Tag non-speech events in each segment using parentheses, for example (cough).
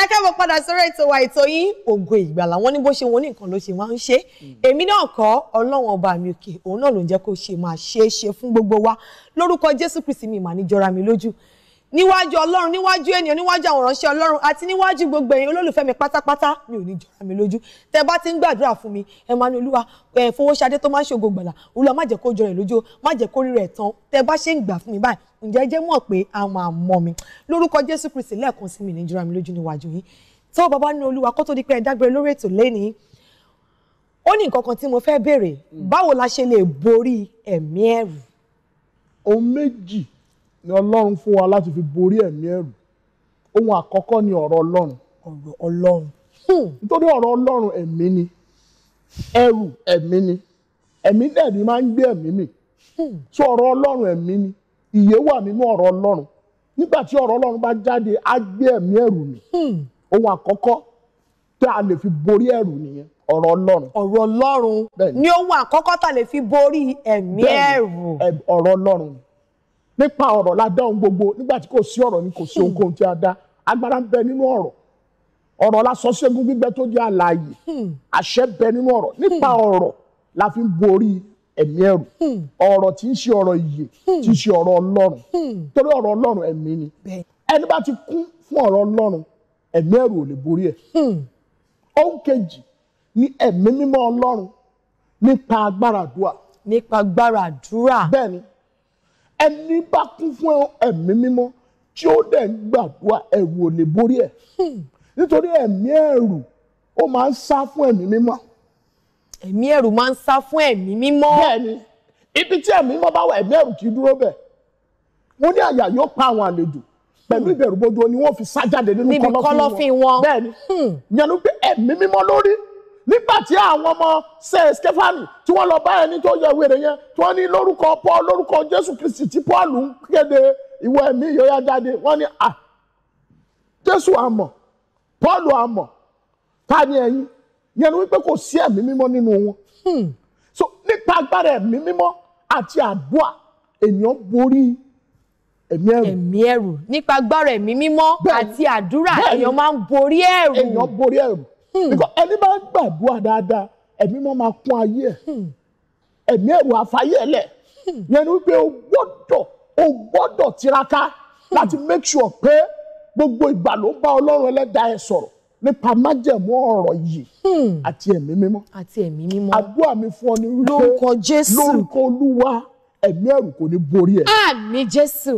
ẹ káàbọ̀ padà sórí ètò wa ètò yín ògo ìgbàlà wọn ní bó ṣe wọn ní nǹkan ló ṣe máa ń ṣe èmi náà kọ́ ọlọ́run ọba mi òkè òun náà ló ń jẹ́ kó ṣe máa ṣe é ṣe fún gbogbo wa lórúkọ jésù kristi mi mà ní jọra mi lójú níwájú ọlọ́run níwájú ènìyàn níwájú àwọn ìránṣẹ́ ọlọ́run àti níwájú gbogbo ẹ̀yin olólùfẹ́ mi pátápátá mi ò ní jọra mi lójú tẹ́ bá ti ń gbàdúrà fún mi ẹ máa ní olúwa ẹ Fowóṣadé tó máa ń ṣògo gbàlà olúwa má jẹ́ kó jọra ẹ̀ lójú má jẹ́ kó rí tán tẹ́ bá ṣe ń gbà fún mi báyìí ǹjẹ́ jẹ́ mọ̀ pé a máa mọ̀ mi lórúkọ Jésù Kristi lẹ́ẹ̀kan sí mi ní jọra mi lójú níwájú yìí tó bàbá ní olúwa kó tó di pé ni ọlọ́run fún wa láti fi borí ẹ̀mí ẹ̀rù ohun àkọ́kọ́ ni ọ̀rọ̀ ọlọ́run. ọ̀rọ̀ ọlọ́run. Hmm. nítorí ọ̀rọ̀ ọlọ́run ẹ̀mí ni ẹ̀rù ẹ̀mí ni ẹ̀mí dẹ̀bi máa ń gbé ẹ̀mí mì hmm. so ọ̀rọ̀ ọlọ́run ẹ̀mí ni ìyè wà nínú ọ̀rọ̀ ọlọ́run nígbà tí ọ̀rọ̀ ọlọ́run bá jáde á gbé ẹ̀mí ẹ̀rù mì hmm. ohun àkọ́kọ́ tá a lè fi borí ẹ̀rù nìyẹn ọ̀rọ̀ ọlọ́run. ọ̀rọ̀ ọlọ́run ni ohun àkọ́kọ́ tá a lè fi borí ẹ̀mí ẹ̀rù. ọ̀rọ̀ ọlọ́run ni nípa ọ̀rọ̀ la dá ohun gbogbo nígbà tí kò sí ọ̀rọ̀ ni kò sí ohunkóhun tí a dá agbára ń bẹ nínú ọ̀rọ̀ ọ̀rọ̀ la sọ ségun gbígbẹ tó di àlàyé àṣẹ bẹ nínú ọ̀rọ̀ nípa ọ̀rọ̀ la fi ń borí ẹ̀mí ẹ̀rù ọ̀rọ̀ tí ń ṣe ọ̀rọ̀ ìyè tí ń ṣe ọ̀rọ̀ Ọlọ́run torí ọ̀rọ̀ Ọlọ́run ẹ̀mí ni ẹni bá ti kún fún ọ̀rọ̀ Ọlọ́run ẹ̀mí ẹ̀rù ò lè borí ẹ̀ ohun kejì ni ẹ̀mí mímọ́ Ọlọ́run nípa agbára àdúrà nípa agbára àdúrà bẹ́ẹ̀ ni ẹni bá kún fún ẹ̀mí mímọ́ tí ó dẹ̀ ń gbàdúrà ẹ̀rù ò lè borí ẹ̀ hmm. nítorí ẹ̀mí ẹ̀rù ó máa ń sá fún ẹ̀mí mímọ́. ẹ̀mí ẹ̀rù máa ń sá fún ẹ̀mí mímọ́. bẹ́ẹ̀ni ibi tí ẹ̀mí mímọ́ bá wà ẹ̀mí ẹ̀rù kì í dúró bẹ́ẹ̀ wọ́n ní àyà yóò pa àwọn àlejò pẹ̀lú hmm. ìbẹ̀rù bojo ni wọ́n fi sá jáde nínú kọ̀lọ̀fín wọn bẹ́ẹ̀ni yẹnu pé ẹ̀mí mímọ́ lórí nígbà tí àwọn ọmọ ṣe stefani tí wọ́n lọ bá ẹni tó yẹ wèrè yẹn tí wọ́n ní lórúkọ paul lórúkọ jésù kristi tí paul ń kéde ìwọ ẹ̀mí ìyọyà jáde wọ́n ní à jésù àmọ̀ paul àmọ̀ ta ni ẹ̀yin yẹn ni wípé kò sí ẹ̀mí mímọ́ nínú wọn hmm. so nípa agbára ẹ̀mí mímọ́ àti àdúà ènìyàn borí ẹ̀mí ẹ̀rù. ẹ̀mí ẹ̀rù nípa agbára ẹ̀mí mímọ́ àti àdúrà èèyàn máa ń borí ẹ̀rù. èèyàn borí ẹ̀rù Hmm. because ẹni bá gbàdúrà dáadáa ẹ̀mí mọ́ máa kún ayé ẹ̀ hmm. ẹ̀mí ẹ̀rù àfáyé ẹ̀ lẹ̀ hmm. yẹn ni wípé o gbọ́dọ̀ o gbọ́dọ̀ tiraka láti make sure pé gbogbo ìgbà ló ń bá ọlọ́run ẹlẹ́dàá ẹ sọ̀rọ̀ nípa májẹ̀mú ọ̀rọ̀ yìí àti ẹ̀mí mímọ́ àti ẹ̀mí mímọ́ àdúrà mi fún ọ ní wípé lórúkọ Jésù lórúkọ Olúwa ẹ̀mí ẹ̀rù kò ní borí ẹ. àmì Jésù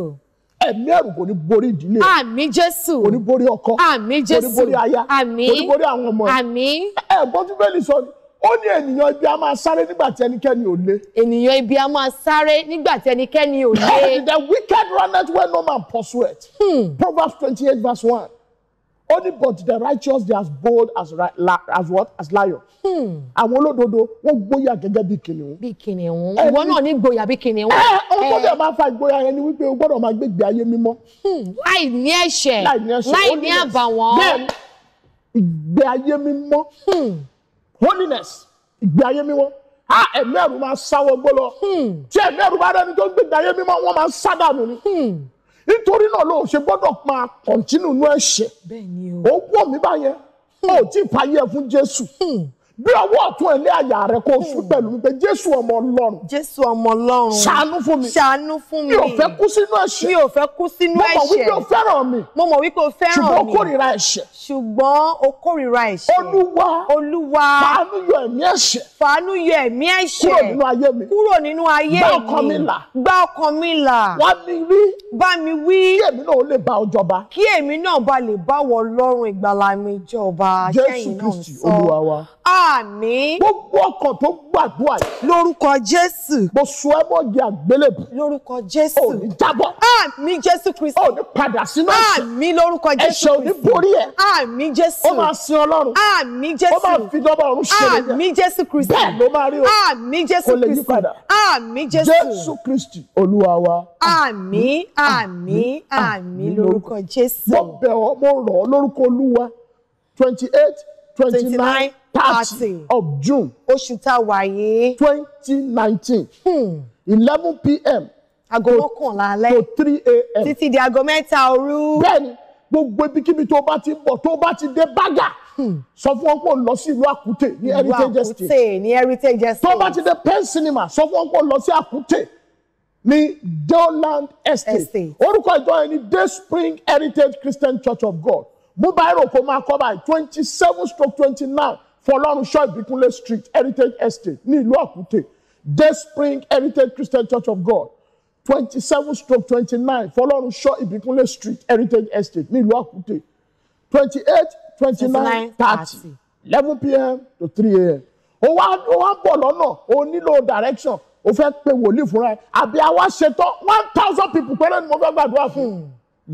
ẹ̀mí ẹ̀rù kò ní borí ìdílé rẹ. àmín jésù kò ní borí ọkọ àmín jésù kò ní borí aya àmín kò ní borí àwọn ọmọ rẹ àmín. ẹ gbọ́n tí bẹ́ẹ̀ ni sọ ni ó ní ènìyàn ibi a máa sáré nígbà tí ẹnikẹ́ni ò lé. ènìyàn ibi a máa sáré nígbà tí ẹnikẹ́ni ò lé. (laughs) the wicked runneth when no man pursueth. Hmm. Proverbs twenty-eight verse one only but the righteous they are as bold as la, as what as lion. Hmm. àwọn olódodo wọn gbóyà gẹ́gẹ́ bí kìnìún. bí kìnìún ìwọ náà ní gbóyà bí kìnìún. ẹ eh, ohun tó eh. dẹ̀ máa fa ìgbóyà yẹn ni wípé o gbọ́dọ̀ máa gbégbé ayé mímọ́. Hmm. láì ní ẹ̀ṣẹ̀ láì ní àbàwọ́n. bẹ́ẹ̀ ìgbé ayé mímọ́ hmm. holiness ìgbé ayé mímọ́ a ẹ̀mí ẹ̀rù máa sáwọ́ gbó lọ Che, ẹ̀mí ẹ̀rù bá rẹ́ni tó ń gbégbé ayé mímọ́ wọ́n máa sádànù ni nítorí náà ló ṣe gbọ́dọ̀ máa kọ̀ntínú nú ẹ̀ṣẹ̀ ó wọ̀ mí báyẹn hmm. ó ti fàyè fún Jésù. Hmm bí ọwọ́ ọ̀tún ẹ̀ lé àyà rẹ kó sùn hmm. pẹ̀lú mi pé jésù ọmọ ọlọ́run jésù ọmọ ọlọ́run ṣàánú fún mi ṣàánú fún mi mi ò fẹ́ kú sínú ẹ̀ṣẹ̀ mi ò fẹ́ kú sínú ẹ̀ṣẹ̀ mo mọ̀ wípé o fẹ́ràn mi mo mọ̀ wípé o fẹ́ràn mi ṣùgbọ́n o kórìíra ẹ̀ṣẹ̀ ṣùgbọ́n o kórìíra ẹ̀ṣẹ̀ olúwa olúwa fàánú yọ ẹ̀mí ẹ̀ṣẹ̀ fàánú yọ ẹ̀mí ẹ̀ṣẹ̀ kúrò nínú ayé mi kúrò nínú mi gbá ọkàn mi là gbá mi là wá mi wí bá ba lè mi jọba jésù kristi olúwa àmín. gbogbo ọkàn tó gbàdúrà lórúkọ jésù. mo sọ ẹ mọ di àgbélébù. lórúkọ jésù. ò ní jábọ́. àmín jésù kristi. ò ní padà sínú ẹ̀ṣẹ̀. àmín lórúkọ jésù kristi. ẹ̀ṣẹ̀ ò ní borí ẹ. àmín jésù. ó máa sin ọlọ́run. àmín jésù. ó máa fi dọ́gba ọ̀run ṣe lè yẹ. jésù kristi. bẹ́ẹ̀ ló máa rí o. àmín jésù kristi. kò lè yí padà. àmín jésù. jésù kristi olúwa wa. àmín àmín àmín lórúkọ thirty of June oṣù tá a wà yìí twenty nineteen hmm. eleven pm aago mọ́kànlá alẹ́ to three am títí di aago mẹ́ta òru. bẹ́ẹ̀ni gbogbo ibikíbi tó bá ti bọ̀ tó bá ti dé bága hmm. sọ fún wọn pé ó lọ sí ìlú àkútè ní heritage estate ìlú ní heritage estate tó bá ti dé pen cinema sọ fún wọn pé ó lọ sí àkútè ní deoland estate orúkọ ìjọ yẹn ni day spring heritage christian church of god mobile ro kò máa kọ́ báyìí twenty seven stroke twenty nine fọlọ́runṣọ́ ìbíkúnlé street heritage estate ní ìlú àkúté day spring heritage christian church of god twenty seven stroke twenty nine fọlọ́runṣọ́ ìbíkúnlé street heritage estate ní ìlú àkúté twenty eight twenty nine thirty eleven pm to three am ó wá ó wá bọ̀ lọ́nà ó nílò direction ó fẹ́ pe wòlíì fúnra ẹ̀ àbí àwa ṣetán one thousand people péré ni mo fẹ́ gbàdúrà fún un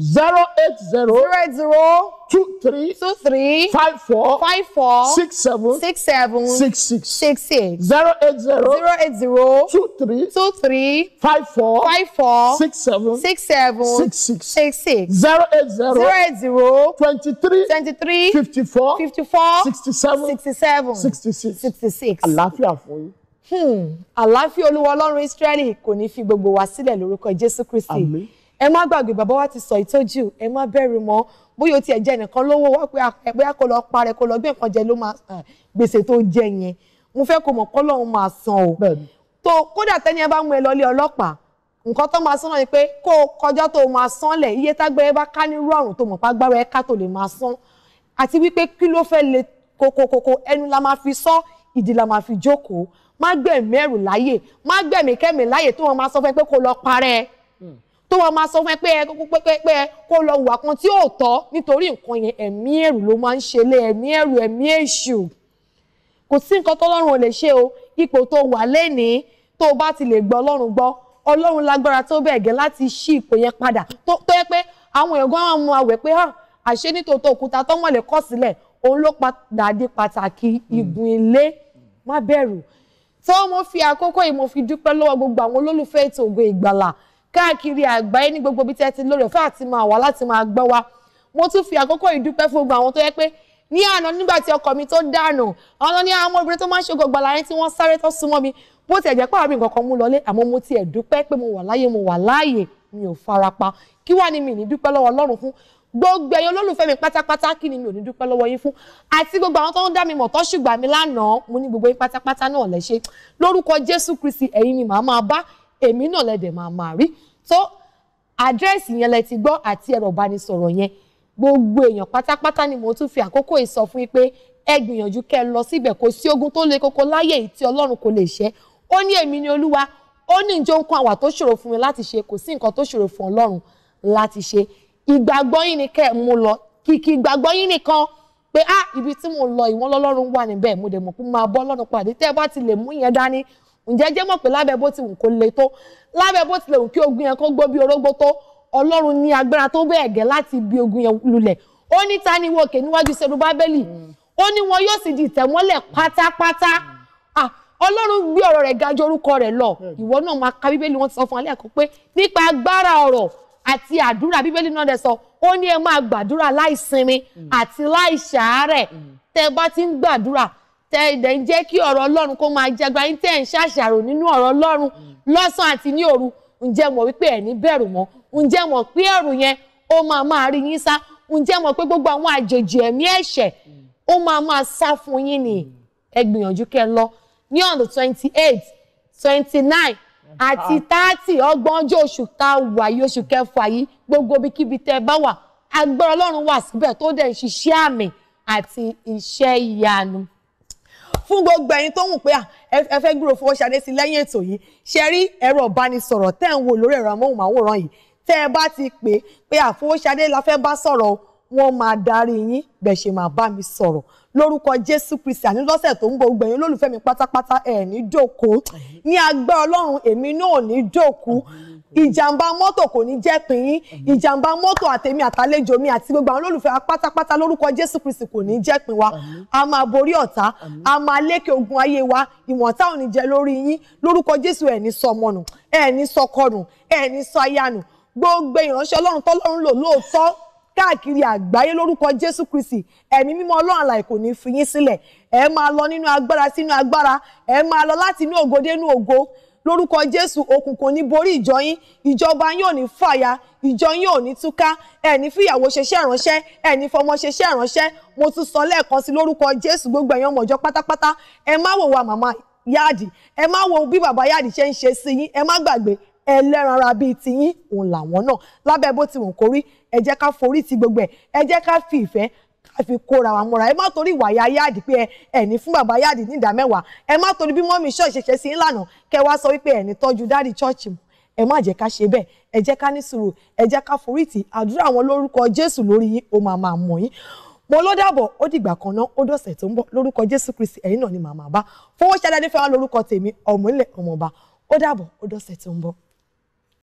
zero eight zero. zero eight zero. two three. two three. five four. five four. six seven. six seven. six six. six six. zero eight zero. zero eight zero. two three. two three. five four. five four. six seven. six seven. six six. six six. zero eight zero. zero eight zero. twenty three. twenty three. fifty four. fifty four. sixty seven. sixty seven. sixty six. sixty six. àlàáfíà fún yín hmm. àlàáfíà olúwa ọlọ́run ísírẹ́lì kò ní fi gbogbo wa sílẹ̀ lórúkọ jésù kristi ẹ má gbàgbé bàbá wa ti sọ ìtọ́jú ẹ má bẹ̀rù mọ́ bóyá o tiẹ̀ jẹ nìkan lówó wá pé àpẹ́yà kò lọ parẹ́ kò lọ gbé nǹkan jẹ ló máa gbèsè tó jẹ yẹn mo fẹ́ kó mọ̀ kọ́ lọ́hún máa san o tó kódà tẹ́ni ẹ bá mú ẹ lọ ilé ọlọ́pàá nǹkan tó máa san náà ni pé kó o kọjá tó o máa san lẹ̀ iye tágbẹ́ ẹ bá ká nírú àrùn tó mọ̀ pàgbára ẹ ká tó lè máa san àti wípé kí ló fẹ́ le kokokoko ẹnu la máa fi sọ ìdí la máa fi jókòó má gbẹ̀mí ẹ̀rù láyè má gbẹ̀mí kẹ́mi láyè tó wọn máa sọ fẹ́ pé kó lọ parẹ́ tó wàá máa sọ fún ẹ pé ẹ kókó pé ẹ kó lọ hùwà kan tí ò tọ́ nítorí nǹkan yẹn ẹ̀mí ẹ̀rù ló máa ń ṣe lé ẹ̀mí ẹ̀rù ẹ̀mí èṣù kò sí nǹkan tọ́lọ́run ò lè ṣe o ipò tó wà lẹ́nìí tó o bá ti lè gbọ́ ọlọ́run gbọ́ ọlọ́run lágbára tó bẹ́ẹ̀ gẹ́ láti ṣí ipò yẹn padà tó yẹ pé àwọn èèyàn àwọn ọmọ àwẹ̀ pé àṣé nítòótọ́ òkúta tó kọ́ sílẹ̀ òun ló padà di pàtàkì igun hmm. ilé má bẹ̀rù tó mo fi àkókò yìí mo fi dúpẹ́ lọ́wọ́ gbogbo àwọn olólùfẹ́ ètò Ògo Ìgbàlà káàkiri àgbáyé ní gbogbo ibi tẹ́ ti lóore ọ̀fẹ́ àti máa wá láti máa gbọ́ wa mo tún fi àkókò ìdúpẹ́ fún gbogbo àwọn tó yẹ pé ní àná nígbà tí ọkọ mi tó dànù àwọn ní àwọn ọmọbìnrin tó máa ń ṣe gbogbo àlàyé tí wọ́n sáré tó súnmọ́ mi bó tiẹ̀ jẹ́ pé àmì kankan mú lọlé àmọ́ mo tiẹ̀ dúpẹ́ pé mo wà láyé mo wà láàyè mi ò farapa kí wàá ní mi ní dúpẹ́ lọ́wọ́ Ọlọ́run fún gbogbo ẹ̀yin olólùfẹ́ mi pátápátá kí ni mi ò ní dúpẹ́ lọ́wọ́ yín fún àti gbogbo àwọn tó ń dá mi mọ̀ tó ṣùgbà mi lánàá mo ní gbogbo yín pátápátá náà lẹ́ṣẹ́ lórúkọ Jésù Kristi ẹ̀yin ni màá máa bá èmi náà lẹ́dẹ̀ máa máa rí tó àdírẹ́sì yẹn lẹ ti gbọ́ àti ẹ̀rọ ìbánisọ̀rọ̀ yẹn gbogbo èèyàn pátápátá ni mo tún fi àkókò ìsọ fún yín pé ẹ gbìyànjú kẹ́ lọ síbẹ̀ kò sí ogun tó le koko láyé yìí tí Ọlọ́run kò lè ṣẹ́ ó ní èmi ni Olúwa ó ní ìjọ ń kọ àwà tó ṣòro fún mi láti ṣe kò sí nǹkan tó ṣòro fún Ọlọ́run láti ṣe ìgbàgbọ́ yín ni kẹ́ ẹ mú lọ kìkì ìgbàgbọ́ yín nìkan pé ah ibi tí mo lọ ìwọ́n lọ́lọ́run wà níbẹ̀ mo dẹ̀ mọ̀ pé máa bọ́ lọ́run pàdé tẹ́ ẹ bá ti lè mú yẹn dání ǹjẹ́ jẹ́ mọ̀ pé lábẹ́ bó ti wù kó le tó lábẹ́ bó tilẹ̀ wù kí ogun yẹn kó gbó bí orógbó tó ọlọ́run ní agbára tó bẹ́ẹ̀ gẹ́ láti bí ogun yẹn lulẹ̀ ó ní ta ni wọ́ọ̀kẹ́ níwájú Serubábẹ́lì ó ní wọn yóò sì di ìtẹ̀mọ́lẹ̀ pátápátá ọlọ́run gbé ọ̀rọ̀ rẹ̀ ga ju orúkọ rẹ̀ lọ ìwọ náà máa ka bíbélì wọn ti sọ fún alẹ́ àkọ́ pé nípa agbára ọ̀rọ̀ àti àdúrà bíbélì náà dẹ̀ sọ ó ní ẹ máa gbàdúrà láìsinmi àti láìṣàárẹ̀ tẹ́ bá ti ń gbàdúrà tẹ ẹ̀dẹ̀ ń jẹ́ kí ọ̀rọ̀ ọlọ́run kó máa jagba yín tẹ́ ẹ̀ ń ṣàṣàrò nínú ọ̀rọ̀ ọlọ́run lọ́sàn-án àti ní òru ǹjẹ́ mọ̀ wípé ẹ̀ ní bẹ̀rù mọ́ ǹjẹ́ mọ̀ pé ẹ̀rù yẹn ó máa máa rí yín sá ǹjẹ́ mọ̀ pé gbogbo àwọn àjèjì ẹ̀mí ẹ̀ṣẹ̀ ó máa máa sá fún yín ni ẹ kẹ lọ ní ọ̀nà twenty eight twenty nine àti thirty ọgbọ̀njọ́ oṣù ta wà yìí oṣù kẹfà yìí gbogbo ibikíbi tẹ́ ẹ bá wà fún gbogbo ẹ̀yin tó ń wù pé ẹ fẹ́ gbúrò Fowóṣadé sí lẹ́yìn ètò yìí ṣe rí ẹ̀rọ ìbánisọ̀rọ̀ tẹ́ ń wò lórí ẹ̀rọ amóhùnmáwòrán yìí tẹ́ ẹ bá ti pè pé àfowóṣadé la fẹ́ bá sọ̀rọ̀ wọn máa darí yín bẹ̀ ṣe máa bá mi sọ̀rọ̀ lórúkọ jésù kristi àní lọ́sẹ̀ tó ń bọ̀ gbẹ̀yìn olólùfẹ́ mi pátápátá ẹ̀ ní dòkó ní agbẹ́ ọlọ́run èmi náà ò ní dòkú ìjàmbá mọ́tò kò ní jẹ́ pín yín ìjàmbá mọ́tò àtẹ̀mí àtàlejò mi àti gbogbo àwọn olólùfẹ́ pátápátá lórúkọ jésù kristi kò ní jẹ́ pín wa a máa borí ọ̀tá a máa lékè ogun ayé wa ìwọ̀ntá ò ní jẹ lórí yín lórúkọ jésù ẹ̀ ní sọmọnù ẹ̀ ní sọkọnù ẹ̀ ní sọ ayánù gbogbo ìránṣẹ́ ọlọ́run tọ́lọ́run lò lóòótọ́ káàkiri àgbáyé lórúkọ jésù kristi ẹ̀mí mímọ́ ọlọ́run àlàyé kò ní fi yín sílẹ̀ ẹ máa lọ nínú agbára sínú agbára ẹ máa lọ láti inú ògo dénú ògo lórúkọ jésù òkùn kò ní borí ìjọ yín ìjọba yín ò ní fàya ìjọ yín ò ní túká ẹni fìyàwó ṣeṣẹ́ ìránṣẹ́ ẹni fọmọ ṣeṣẹ́ ìránṣẹ́ mo tún sọ lẹ́ẹ̀kan sí lórúkọ jésù gbogbo ẹ̀yàn ọmọ ìjọ pátápátá ẹ má wò wá màmá yáàdì ẹ má wo bí bàbá yáàdì ṣe ń ṣe sí yín ẹ má gbàgbé ẹlẹ́ran bíi tiyín òun làwọn náà lábẹ́ bó ti wù kó ẹ jẹ́ ká forí ti gbogbo ẹ̀ ẹ jẹ́ ká fi ìfẹ́ ká fi kóra wa mọ́ra ẹ má torí ìwà ìyá yáàdì pé ẹni fún bàbá yáàdì ní ìdá mẹ́wàá ẹ má torí bí mọ́mí ṣọ́ọ̀ṣì ṣe sí ńlànà kẹ wá sọ wípé ẹni tọ́jú dáàdì ṣọ́ọ̀ṣì mu ẹ má jẹ́ ká ṣe bẹ́ẹ̀ ẹ jẹ́ ká ní sùúrù ẹ jẹ́ ká forí tì àdúrà àwọn lórúkọ Jésù lórí yín ó máa máa yín mo ló dàbọ̀ ó dìgbà kan náà ó dọ̀sẹ̀ tó ń bọ̀ lórúkọ Jésù Kristi ẹ̀yin náà ni màmá bá fowó ṣáláńdé fẹ́ wá lórúkọ tèmi ọmọ ilẹ̀ ó dàbọ̀ ó dọ̀sẹ̀ tó ń bọ̀.